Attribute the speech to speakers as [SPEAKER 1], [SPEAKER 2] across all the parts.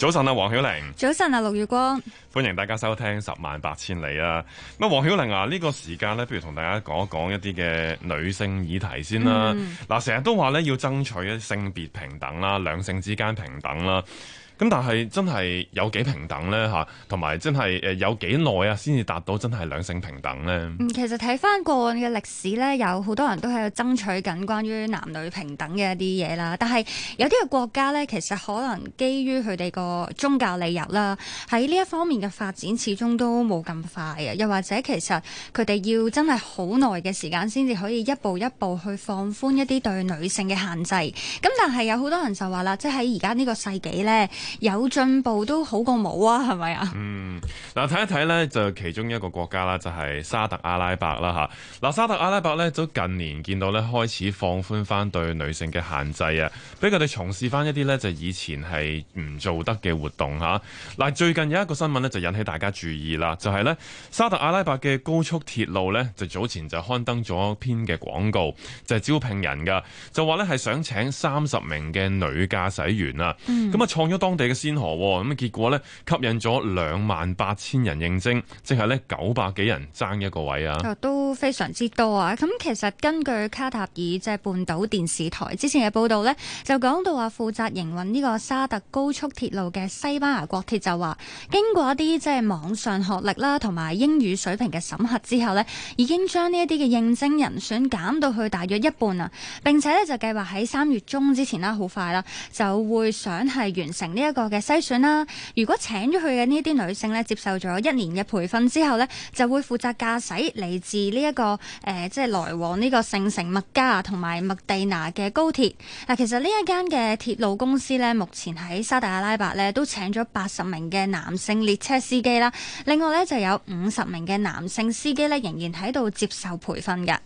[SPEAKER 1] 早晨啊，黃曉玲。
[SPEAKER 2] 早晨啊，陸月光。
[SPEAKER 1] 歡迎大家收聽《十萬八千里》啊！咁啊，黃曉玲啊，呢個時間咧，不如同大家講一講一啲嘅女性議題先啦。嗱、嗯，啊，成日都話咧要爭取一啲性別平等啦、啊，兩性之間平等啦、啊。咁但係真係有幾平等呢？嚇，同埋真係誒有幾耐啊，先至達到真係兩性平等呢？嗯，
[SPEAKER 2] 其實睇翻過去嘅歷史咧，有好多人都喺度爭取緊關於男女平等嘅一啲嘢啦。但係有啲嘅國家咧，其實可能基於佢哋個宗教理由啦，喺呢一方面嘅發展始終都冇咁快嘅。又或者其實佢哋要真係好耐嘅時間先至可以一步一步去放寬一啲對女性嘅限制。咁但係有好多人就話啦，即係喺而家呢個世紀咧。有進步都好過冇啊，係咪啊？嗯，
[SPEAKER 1] 嗱睇一睇呢，就其中一個國家啦，就係沙特阿拉伯啦嚇。嗱，沙特阿拉伯呢，都近年見到呢，開始放寬翻對女性嘅限制啊，俾佢哋從事翻一啲呢，就以前係唔做得嘅活動嚇。嗱，最近有一個新聞呢，就引起大家注意啦，就係呢，沙特阿拉伯嘅高速鐵路呢，就早前就刊登咗一篇嘅廣告，就係、是、招聘人噶，就話呢係想請三十名嘅女駕駛員啊，咁、嗯、啊創咗當嘅先河咁啊，結果咧吸引咗兩萬八千人應徵，即係咧九百幾人爭一個位啊，
[SPEAKER 2] 都非常之多啊！咁其實根據卡塔爾即係半島電視台之前嘅報道咧，就講到話負責營運呢個沙特高速鐵路嘅西班牙國鐵就話，經過一啲即係網上學歷啦同埋英語水平嘅審核之後咧，已經將呢一啲嘅應徵人選減到去大約一半啊！並且咧就計劃喺三月中之前啦，好快啦，就會想係完成，呢，呢一個嘅篩選啦，如果請咗佢嘅呢啲女性咧，接受咗一年嘅培訓之後呢就會負責駕駛嚟自呢一個，誒，即係來往呢個聖城麥加同埋麥地那嘅高鐵嗱。其實呢一間嘅鐵路公司呢，目前喺沙特阿拉伯咧都請咗八十名嘅男性列車司機啦，另外呢，就有五十名嘅男性司機呢，仍然喺度接受培訓㗎。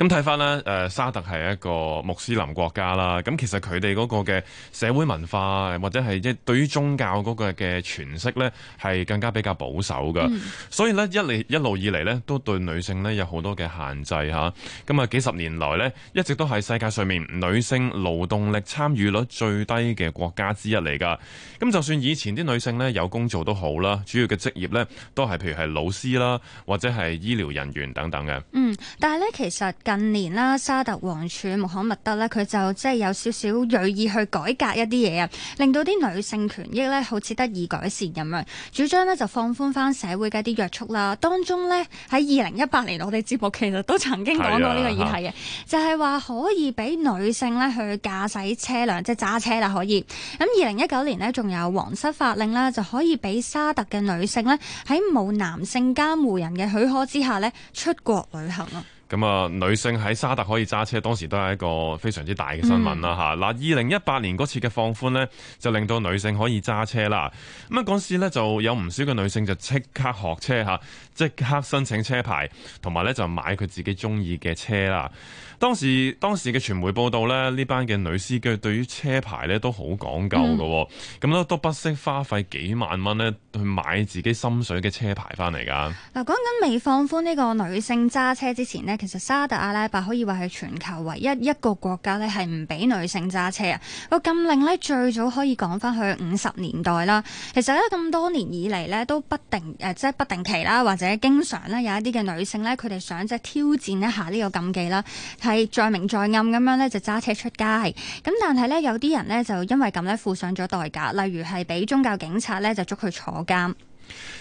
[SPEAKER 1] 咁睇翻咧，誒沙特係一個穆斯林國家啦。咁其實佢哋嗰個嘅社會文化，或者係即係對於宗教嗰個嘅詮釋呢，係更加比較保守噶、嗯。所以呢，一嚟一路以嚟呢，都對女性呢有好多嘅限制嚇。咁啊幾十年來呢，一直都係世界上面女性勞動力參與率最低嘅國家之一嚟噶。咁就算以前啲女性呢有工做都好啦，主要嘅職業呢都係譬如係老師啦，或者係醫療人員等等嘅。嗯，
[SPEAKER 2] 但係呢，其實。近年啦，沙特王儲穆罕默德咧，佢就即係有少少銳意去改革一啲嘢啊，令到啲女性權益咧好似得以改善咁樣。主張咧就放寬翻社會嘅一啲約束啦。當中咧喺二零一八年，我哋節目其實都曾經講過呢個議題嘅，啊，就係、是、話可以俾女性咧去駕駛車輛，即係揸車啦可以。咁二零一九年呢，仲有皇室法令啦，就可以俾沙特嘅女性咧喺冇男性監護人嘅許可之下咧出國旅行啊。
[SPEAKER 1] 咁啊，女性喺沙特可以揸車，當時都係一個非常之大嘅新聞啦吓。嗱、嗯，二零一八年嗰次嘅放寬呢，就令到女性可以揸車啦。咁啊，嗰時呢，就有唔少嘅女性就即刻學車吓，即刻申請車牌，同埋呢就買佢自己中意嘅車啦。當時當時嘅傳媒報道呢，呢班嘅女司機對於車牌呢都好講究嘅、哦，咁、嗯、咧、啊、都不惜花費幾萬蚊呢去買自己心水嘅車牌翻嚟噶。
[SPEAKER 2] 嗱，講緊未放寬呢個女性揸車之前呢。其實沙特阿拉伯可以話係全球唯一一個國家咧，係唔俾女性揸車啊！個禁令咧最早可以講返去五十年代啦。其實咧咁多年以嚟咧，都不定誒，即、呃、係、就是、不定期啦，或者經常咧有一啲嘅女性咧，佢哋想即係挑戰一下呢個禁忌啦，係在明在暗咁樣咧就揸車出街。咁但係咧有啲人咧就因為咁咧付上咗代價，例如係俾宗教警察咧就捉佢坐監。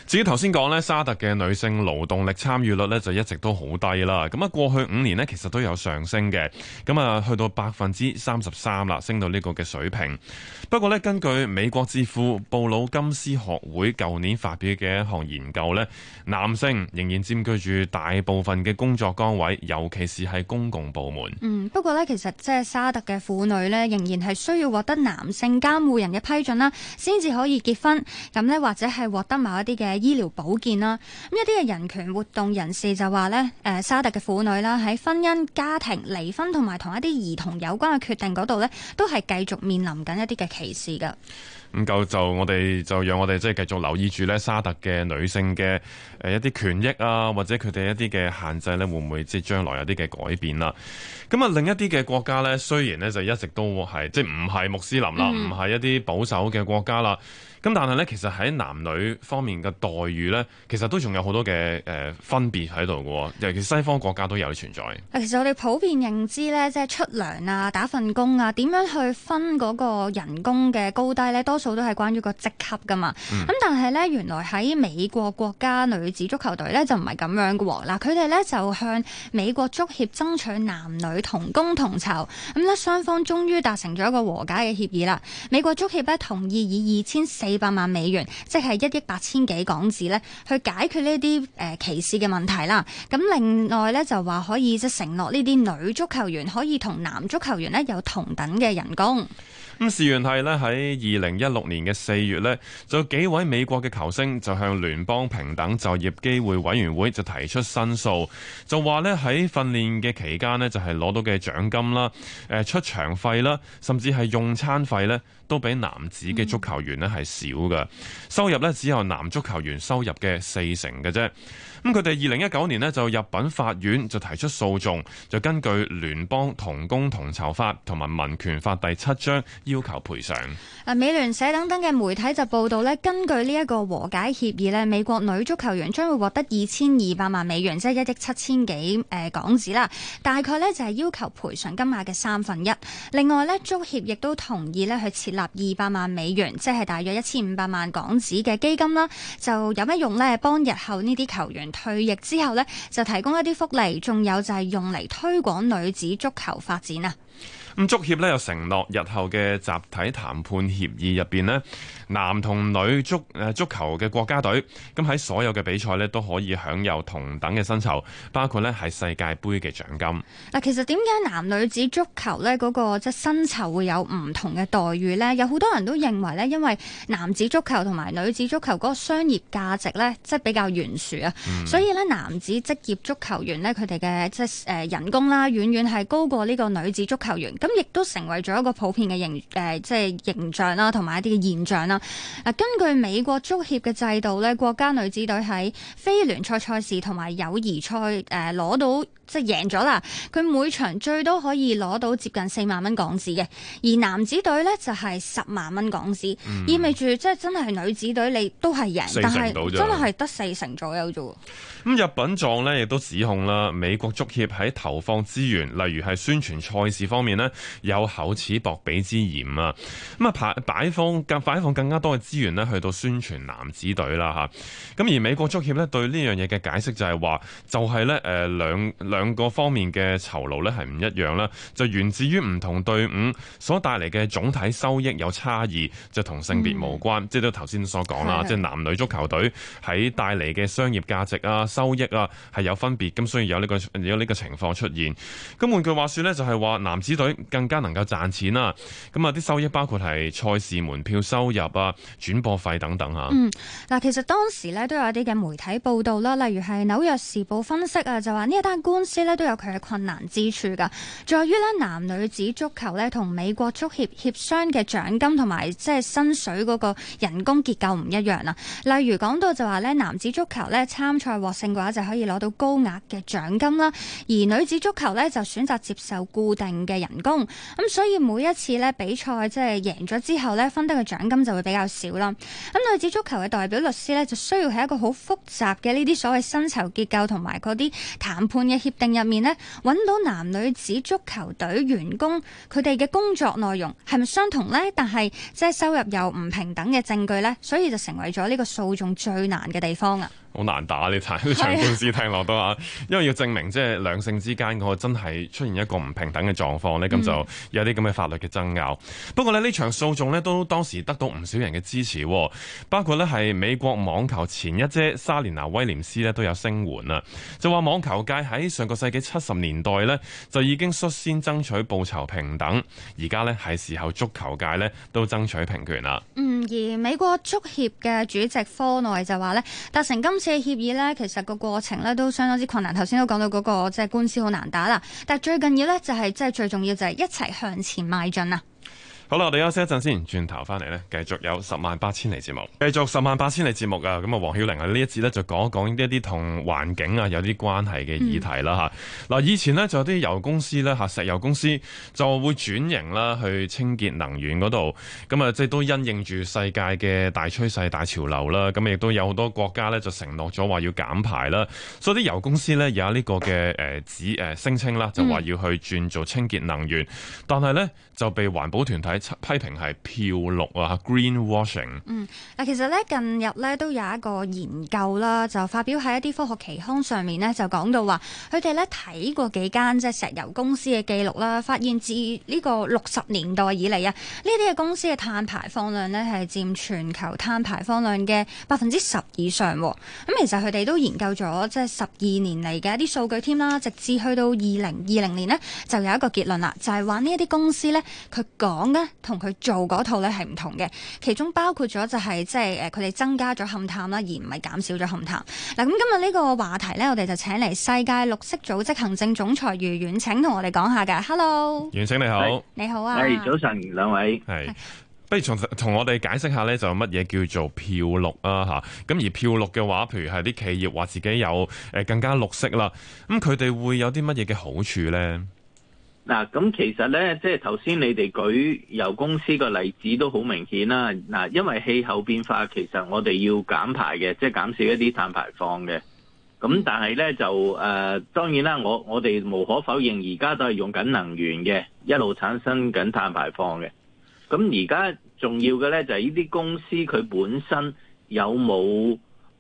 [SPEAKER 1] 至於頭先講咧，沙特嘅女性勞動力參與率呢，就一直都好低啦。咁啊，過去五年呢，其實都有上升嘅，咁啊去到百分之三十三啦，升到呢個嘅水平。不過呢，根據美國智庫布魯金斯學會舊年發表嘅一項研究呢，男性仍然佔據住大部分嘅工作崗位，尤其是係公共部門。
[SPEAKER 2] 嗯，不過呢，其實即係沙特嘅婦女呢，仍然係需要獲得男性監護人嘅批准啦，先至可以結婚。咁呢，或者係獲得某一啲嘅醫療保健啦，咁一啲嘅人權活動人士就話咧，誒沙特嘅婦女啦，喺婚姻、家庭、離婚同埋同一啲兒童有關嘅決定嗰度咧，都係繼續面臨緊一啲嘅歧視㗎。咁
[SPEAKER 1] 夠，就我哋就讓我哋即係繼續留意住咧沙特嘅女性嘅誒一啲權益啊，或者佢哋一啲嘅限制咧，會唔會即係將來有啲嘅改變啦、啊？咁啊，另一啲嘅國家咧，雖然咧就一直都係即係唔係穆斯林啦，唔係一啲保守嘅國家啦，咁、嗯、但係咧其實喺男女方面嘅待遇咧，其實都仲有好多嘅誒分別喺度嘅，尤其西方國家都有存在。
[SPEAKER 2] 其實我哋普遍認知咧，即係出糧啊、打份工啊，點樣去分嗰個人工嘅高低咧，都多數都係關於個職級噶嘛，咁、嗯、但係咧，原來喺美國國家女子足球隊咧就唔係咁樣噶喎、啊，嗱佢哋咧就向美國足協爭取男女同工同酬，咁咧雙方終於達成咗一個和解嘅協議啦。美國足協咧同意以二千四百萬美元，即係一億八千幾港紙咧，去解決呢啲誒歧視嘅問題啦。咁另外咧就話可以即承諾呢啲女足球員可以同男足球員咧有同等嘅人工。
[SPEAKER 1] 咁事源係呢，喺二零一六年嘅四月呢，就有幾位美國嘅球星就向聯邦平等就業機會委員會就提出申訴，就話呢，喺訓練嘅期間呢就係攞到嘅獎金啦、誒出場費啦，甚至係用餐費呢，都比男子嘅足球員咧係少嘅，收入咧只有男足球員收入嘅四成嘅啫。咁佢哋二零一九年咧就入稟法院就提出訴訟，就根據聯邦同工同酬法，同埋民權法第七章要求賠償
[SPEAKER 2] 啊，美聯社等等嘅媒體就報道咧，根據呢一個和解協議咧，美國女足球員將會獲得二千二百萬美元，即係一億七千幾誒港紙啦。大概咧就係要求賠償金額嘅三分一。另外咧足協亦都同意咧去設立。達二百萬美元，即係大約一千五百萬港紙嘅基金啦，就有乜用呢？幫日後呢啲球員退役之後呢，就提供一啲福利，仲有就係用嚟推廣女子足球發展啊！
[SPEAKER 1] 咁足協咧又承諾日後嘅集體談判協議入邊咧，男同女足誒足球嘅國家隊，咁喺所有嘅比賽咧都可以享有同等嘅薪酬，包括咧係世界盃嘅獎金。
[SPEAKER 2] 嗱，其實點解男女子足球咧嗰個，即係薪酬會有唔同嘅待遇咧？有好多人都認為咧，因為男子足球同埋女子足球嗰個商業價值咧，即係比較懸殊啊，嗯、所以咧男子職業足球員咧佢哋嘅即係誒人工啦，遠遠係高過呢個女子足球員。咁亦都成為咗一個普遍嘅形誒，即係形象啦，同埋一啲嘅現象啦。根據美國足協嘅制度呢，國家女子隊喺非聯賽賽事同埋友誼賽誒，攞到即係贏咗啦！佢每場最多可以攞到接近四萬蚊港紙嘅，而男子隊呢，就係、是、十萬蚊港紙，意味住即係真係女子隊你都係贏，但係真係得四成左右啫
[SPEAKER 1] 喎。咁入稟狀呢，亦都指控啦，美國足協喺投放資源，例如係宣傳賽事方面呢，有厚此薄彼之嫌啊！咁啊擺放更擺放更加多嘅資源呢，去到宣傳男子隊啦嚇。咁、啊、而美國足協呢，對呢樣嘢嘅解釋就係話，就係、是、呢誒兩、呃、兩。兩個方面嘅酬勞咧係唔一樣啦，就源自於唔同隊伍所帶嚟嘅總體收益有差異，就同性別無關。即係都頭先所講啦，即係男女足球隊喺帶嚟嘅商業價值啊、收益啊係有分別，咁所以有呢個有呢個情況出現。咁換句話說咧，就係話男子隊更加能夠賺錢啦。咁啊，啲收益包括係賽事門票收入啊、轉播費等等吓。嗯，
[SPEAKER 2] 嗱，其實當時咧都有一啲嘅媒體報道啦，例如係紐約時報分析啊，就話呢一單官司。咧都有佢嘅困難之處噶，在於咧男女子足球咧同美國足協協商嘅獎金同埋即係薪水嗰個人工結構唔一樣啦。例如講到就話咧男子足球咧參賽獲勝嘅話就可以攞到高額嘅獎金啦，而女子足球咧就選擇接受固定嘅人工咁，所以每一次咧比賽即係贏咗之後咧分得嘅獎金就會比較少啦。咁女子足球嘅代表律師咧就需要係一個好複雜嘅呢啲所謂薪酬結構同埋嗰啲談判嘅協定入面呢搵到男女子足球隊員工佢哋嘅工作內容係咪相同呢？但係即係收入又唔平等嘅證據呢，所以就成為咗呢個訴訟最難嘅地方啊。
[SPEAKER 1] 好難打呢！呢 場官司聽落都啊，因為要證明即係兩性之間嗰個真係出現一個唔平等嘅狀況呢，咁就有啲咁嘅法律嘅爭拗。嗯、不過咧，呢場訴訟呢，都當時得到唔少人嘅支持，包括呢係美國網球前一姐莎蓮娜威廉斯咧都有聲援啊，就話網球界喺上個世紀七十年代呢，就已經率先爭取報酬平等，而家呢係時候足球界呢都爭取平權啦。
[SPEAKER 2] 嗯，而美國足協嘅主席科內就話呢，達成今次協議咧，其實個過程咧都相當之困難。頭先都講到嗰、那個即係、就是、官司好難打啦，但係最緊要咧就係即係最重要就係一齊向前邁進啦。
[SPEAKER 1] 好啦，我哋休息一陣先，轉頭翻嚟咧，繼續有十萬八千里節目，繼續十萬八千里節目啊！咁啊，黃曉玲啊，呢一節咧就講一講呢一啲同環境啊有啲關係嘅議題啦吓。嗱、嗯，以前咧就有啲油公司咧吓，石油公司就會轉型啦去清潔能源嗰度，咁啊即係都因應住世界嘅大趨勢、大潮流啦，咁亦都有好多國家咧就承諾咗話要減排啦，所以啲油公司咧有呢個嘅誒指誒聲稱啦，就話要去轉做清潔能源，嗯、但係咧就被環保團體。批評係漂綠啊，Greenwashing。嗯，
[SPEAKER 2] 嗱，其實咧近日咧都有一個研究啦，就發表喺一啲科學期刊上面咧，就講到話佢哋咧睇過幾間即係石油公司嘅記錄啦，發現自呢個六十年代以嚟啊，呢啲嘅公司嘅碳排放量咧係佔全球碳排放量嘅百分之十以上啊。咁，嗯，其實佢哋都研究咗即係十二年嚟嘅一啲數據添啦，直至去到二零二零年呢，就有一個結論啦，就係話呢一啲公司咧佢講咧。跟他做的那套是不同，佢做嗰套咧係唔同嘅，其中包括咗就係即係誒，佢哋增加咗勘探啦，而唔係減少咗勘探。嗱，咁今日呢個話題呢，我哋就請嚟世界綠色組織行政總裁余遠騁，請同我哋講下嘅。Hello，
[SPEAKER 1] 遠騁你好，你好啊，hey, 早晨兩位係。不如從同我哋解釋下呢，就乜嘢叫做漂綠啊吓？咁而漂綠嘅話，譬如係啲企業話自己有誒更加綠色啦，咁佢哋會有啲乜嘢嘅好處呢？
[SPEAKER 3] 嗱，咁其實咧，即係頭先你哋舉油公司個例子都好明顯啦。嗱，因為氣候變化其實我哋要減排嘅，即係減少一啲碳排放嘅。咁但係咧就誒、呃，當然啦，我我哋無可否認，而家都係用緊能源嘅，一路產生緊碳排放嘅。咁而家重要嘅咧就係呢啲公司佢本身有冇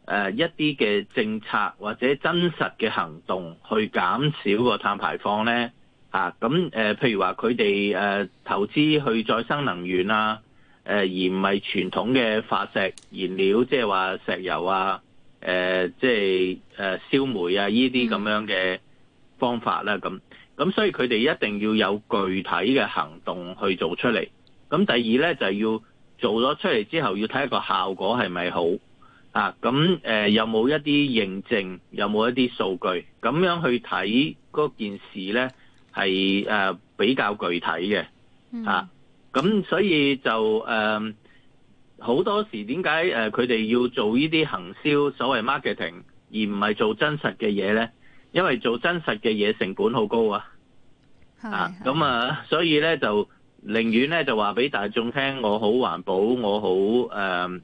[SPEAKER 3] 誒一啲嘅政策或者真實嘅行動去減少個碳排放咧？啊，咁誒，譬如話佢哋誒投資去再生能源啊，誒而唔係傳統嘅化石燃料，即係話石油啊，誒即係誒燒煤啊，呢啲咁樣嘅方法啦。咁咁，所以佢哋一定要有具體嘅行動去做出嚟。咁第二咧，就係、要做咗出嚟之後，要睇一個效果係咪好啊？咁誒、啊，有冇一啲認證？有冇一啲數據？咁樣去睇嗰件事咧？係誒比較具體嘅吓。咁、嗯啊、所以就誒好、嗯、多時點解誒佢哋要做呢啲行銷，所謂 marketing，而唔係做真實嘅嘢咧？因為做真實嘅嘢成本好高啊！吓，咁啊，啊，所以咧就寧願咧就話俾大眾聽，我好環保，我好誒、嗯、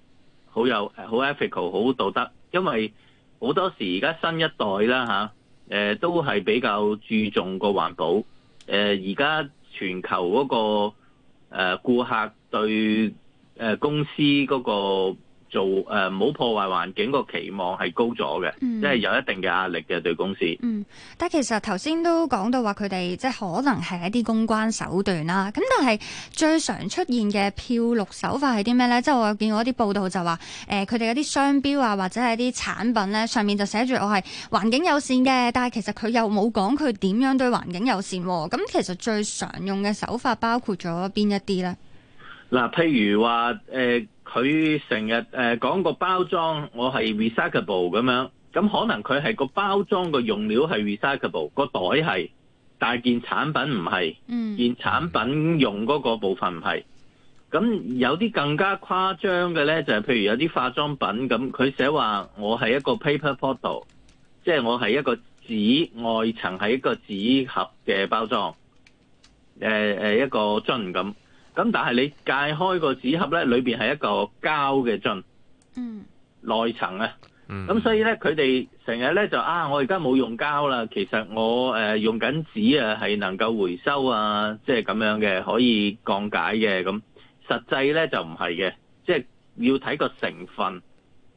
[SPEAKER 3] 好有好 ethical，好道德，因為好多時而家新一代啦吓。啊誒，都係比較注重個環保，誒，而家全球嗰個誒顧客對誒公司嗰個。做誒冇、呃、破壞環境個期望係高咗嘅、嗯，即係有一定嘅壓力嘅對公司。嗯，
[SPEAKER 2] 但其實頭先都講到話佢哋即係可能係一啲公關手段啦。咁但係最常出現嘅漂綠手法係啲咩呢？即係我見過一啲報道就話誒，佢哋有啲商標啊，或者係啲產品呢，上面就寫住我係環境友善嘅，但係其實佢又冇講佢點樣對環境友善啊。咁其實最常用嘅手法包括咗邊一啲呢？
[SPEAKER 3] 嗱、呃，譬如話誒。呃佢成日誒講個包裝，我係 recyclable 咁樣，咁可能佢係個包裝個用料係 recyclable，個袋係，但係件產品唔係，件產品用嗰個部分唔係。咁有啲更加誇張嘅咧，就係譬如有啲化妝品咁，佢寫話我係一個 paper bottle 即係我係一個紙外層係一個紙盒嘅包裝，誒一個樽咁。咁但係你界開個紙盒咧，裏邊係一個膠嘅樽，嗯，內層啊，嗯，咁所以咧，佢哋成日咧就，啊，我而家冇用膠啦，其實我誒、呃、用緊紙啊，係能夠回收啊，即係咁樣嘅，可以降解嘅，咁、嗯、實際咧就唔係嘅，即係要睇個成分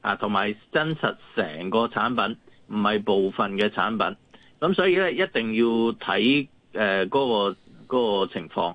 [SPEAKER 3] 啊，同埋真實成個產品唔係部分嘅產品，咁所以咧一定要睇誒嗰個嗰、嗰個情況。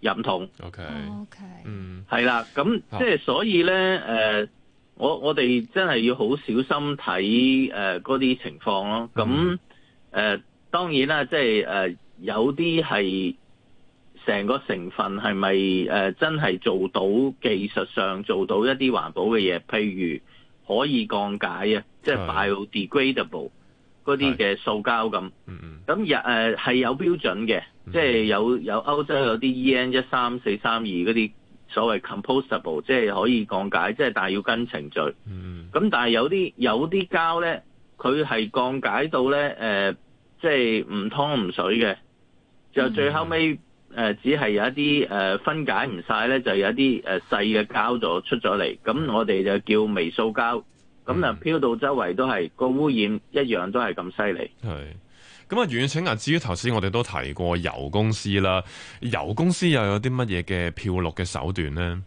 [SPEAKER 3] 飲筒
[SPEAKER 1] ，OK，OK，嗯，係啦，咁即係
[SPEAKER 3] 所以咧，誒、嗯呃，我我哋真係要好小心睇誒嗰啲情況咯。咁誒、呃，當然啦，即係誒有啲係成個成分係咪誒真係做到技術上做到一啲環保嘅嘢，譬如可以降解啊，嗯，即係 biodegradable。嗰啲嘅塑膠咁，咁日係有標準嘅、嗯，即係有有歐洲有啲 E.N. 一三四三二嗰啲所謂 compostable，即係可以降解，即係但係要跟程序。咁、嗯、但係有啲有啲膠咧，佢係降解到咧誒、呃，即係唔湯唔水嘅，就最後尾誒、嗯呃、只係有一啲誒、呃、分解唔晒咧，就有一啲誒細嘅膠就出咗嚟，咁、嗯、我哋就叫微塑膠。咁就漂到周圍都係個、嗯、污染，一樣都係咁犀利。係
[SPEAKER 1] 咁啊，遠騁啊，至於頭先我哋都提過油公司啦，油公司又有啲乜嘢嘅漂綠嘅手段咧？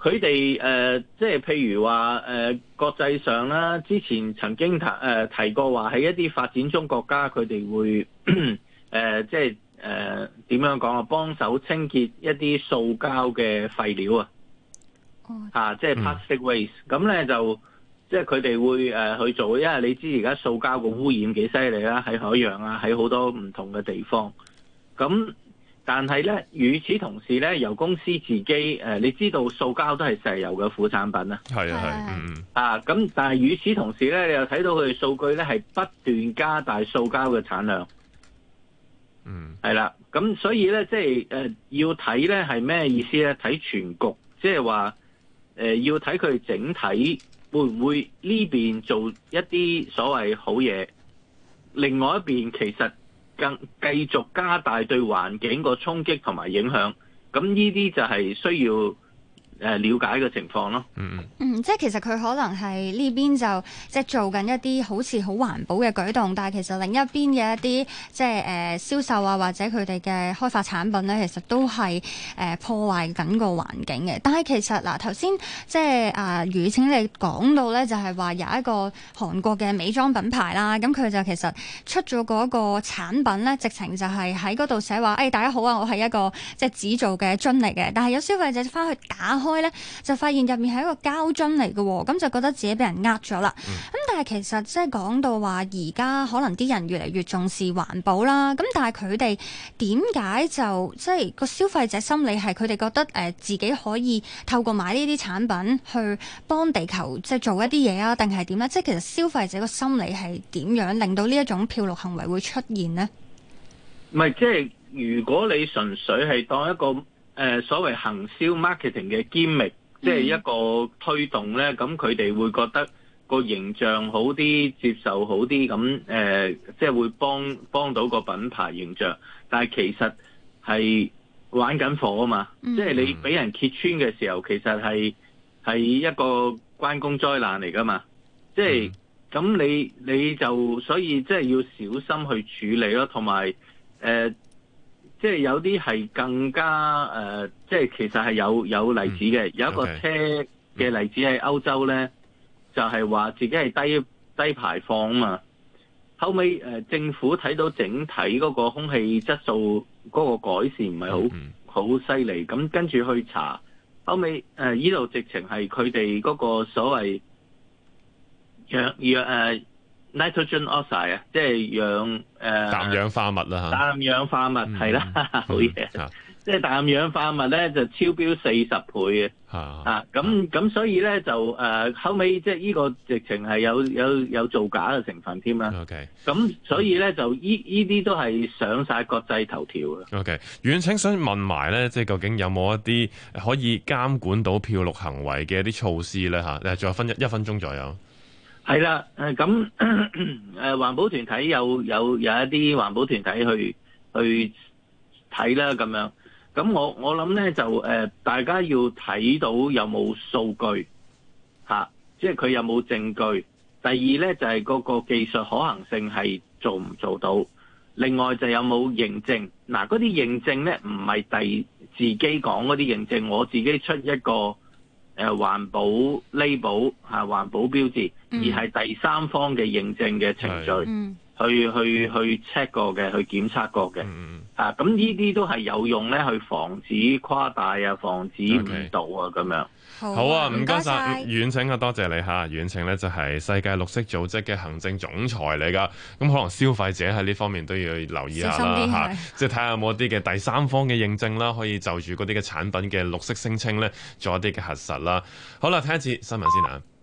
[SPEAKER 3] 佢哋誒，即係譬如話誒、呃，國際上啦，之前曾經提誒、呃、提過話，喺一啲發展中國家，佢哋會誒、呃，即係誒，點、呃、樣講啊？幫手清潔一啲塑膠嘅廢料、嗯、啊，即係 plastic waste，咁、嗯、咧就。即係佢哋會誒、呃、去做，因為你知而家塑膠個污染幾犀利啦，喺海洋啊，喺好多唔同嘅地方。咁但係咧，與此同時咧，油公司自己誒、呃，你知道塑膠都係石油嘅副產品是啊，是啊，、嗯、啊。係啊係，啊咁，但係與此同時咧，你又睇到佢哋數據咧係不斷加大塑膠嘅產量。嗯、啊，係啦。咁所以咧，即係誒、呃，要睇咧係咩意思咧？睇全局，即係話誒，要睇佢整體。會唔會呢邊做一啲所謂好嘢？另外一邊其實更繼續加大對環境個衝擊同埋影響，咁呢啲就係需要。誒了解個情況咯，
[SPEAKER 2] 嗯嗯，即係其實佢可能係呢邊就即係做緊一啲好似好環保嘅舉動，但係其實另一邊嘅一啲即係銷、呃、售啊，或者佢哋嘅開發產品咧，其實都係、呃、破壞緊個環境嘅。但係其實嗱頭先即係啊，遠、呃、騁、呃、你講到咧，就係話有一個韓國嘅美妝品牌啦，咁佢就其實出咗嗰個產品咧，直情就係喺嗰度寫話誒、哎、大家好啊，我係一個即係紙做嘅樽嚟嘅，但係有消費者翻去打。開咧就發現入面係一個膠樽嚟嘅，咁就覺得自己俾人呃咗啦。咁、嗯、但係其實即係講到話，而家可能啲人越嚟越重視環保啦。咁但係佢哋點解就即係、就是、個消費者心理係佢哋覺得誒自己可以透過買呢啲產品去幫地球即係做一啲嘢啊？定係點咧？即、就、係、是、其實消費者個心理係點樣令到呢一種漂綠行為會出現呢？
[SPEAKER 3] 唔係即係如果你純粹係當一個。誒、呃、所謂行銷 marketing 嘅 gimmick，即係一個推動咧，咁佢哋會覺得個形象好啲，接受好啲，咁、呃、誒即係會幫幫到個品牌形象。但係其實係玩緊火啊嘛！嗯、即係你俾人揭穿嘅時候，其實係係一個關公災難嚟噶嘛！嗯、即係咁你你就所以即係要小心去處理咯，同埋誒。呃即係有啲係更加誒、呃，即係其實係有有例子嘅、嗯。有一個車嘅例子喺歐洲咧、嗯，就係、是、話自己係低低排放啊嘛。後尾、呃、政府睇到整體嗰個空氣質素嗰個改善唔係好好犀利，咁、嗯、跟住去查後尾呢度直情係佢哋嗰個所謂若若、呃 nitrogen oxide 啊，即係氧誒氮氧
[SPEAKER 1] 化物啦、啊、嚇，
[SPEAKER 3] 氮氧化物係啦，好、嗯、嘢，即係氮氧化物咧就超標四十倍
[SPEAKER 1] 嘅
[SPEAKER 3] 嚇，咁、啊、咁、啊啊、所以咧就誒、呃、後尾，即係呢個疫情係有有有造假嘅成分添啦。OK 咁所以咧就依依啲都係上晒國際頭條啊
[SPEAKER 1] ，OK，遠騁想問埋咧，即係究竟有冇一啲可以監管到漂綠行為嘅一啲措施咧嚇？誒、啊，仲有分一,一分鐘左右。
[SPEAKER 3] 係啦，咁誒， 環保團體有有有一啲環保團體去去睇啦，咁樣。咁我我諗咧就、呃、大家要睇到有冇數據、啊、即係佢有冇證據。第二咧就係、是、嗰個技術可行性係做唔做到。另外就有冇認證？嗱、啊，嗰啲認證咧唔係第自己講嗰啲認證，我自己出一個誒、啊、環保 label 嚇、啊、環保標誌。而係第三方嘅認證嘅程序，嗯、去去去 check 過嘅，去檢測過嘅、嗯，啊，咁呢啲都係有用咧，去防止誇大啊，防止誤導啊，咁、okay. 樣好啊，唔該晒。
[SPEAKER 1] 遠騁啊，多謝，謝你嚇，遠騁咧就係世界綠色組織嘅行政總裁嚟噶，咁可能消費者喺呢方面都要留意一下啦，嚇、啊，即係睇下有冇啲嘅第三方嘅認證啦，可以就住嗰啲嘅產品嘅綠色聲稱咧，做一啲嘅核實啦。好啦，睇一次新聞先啦。啊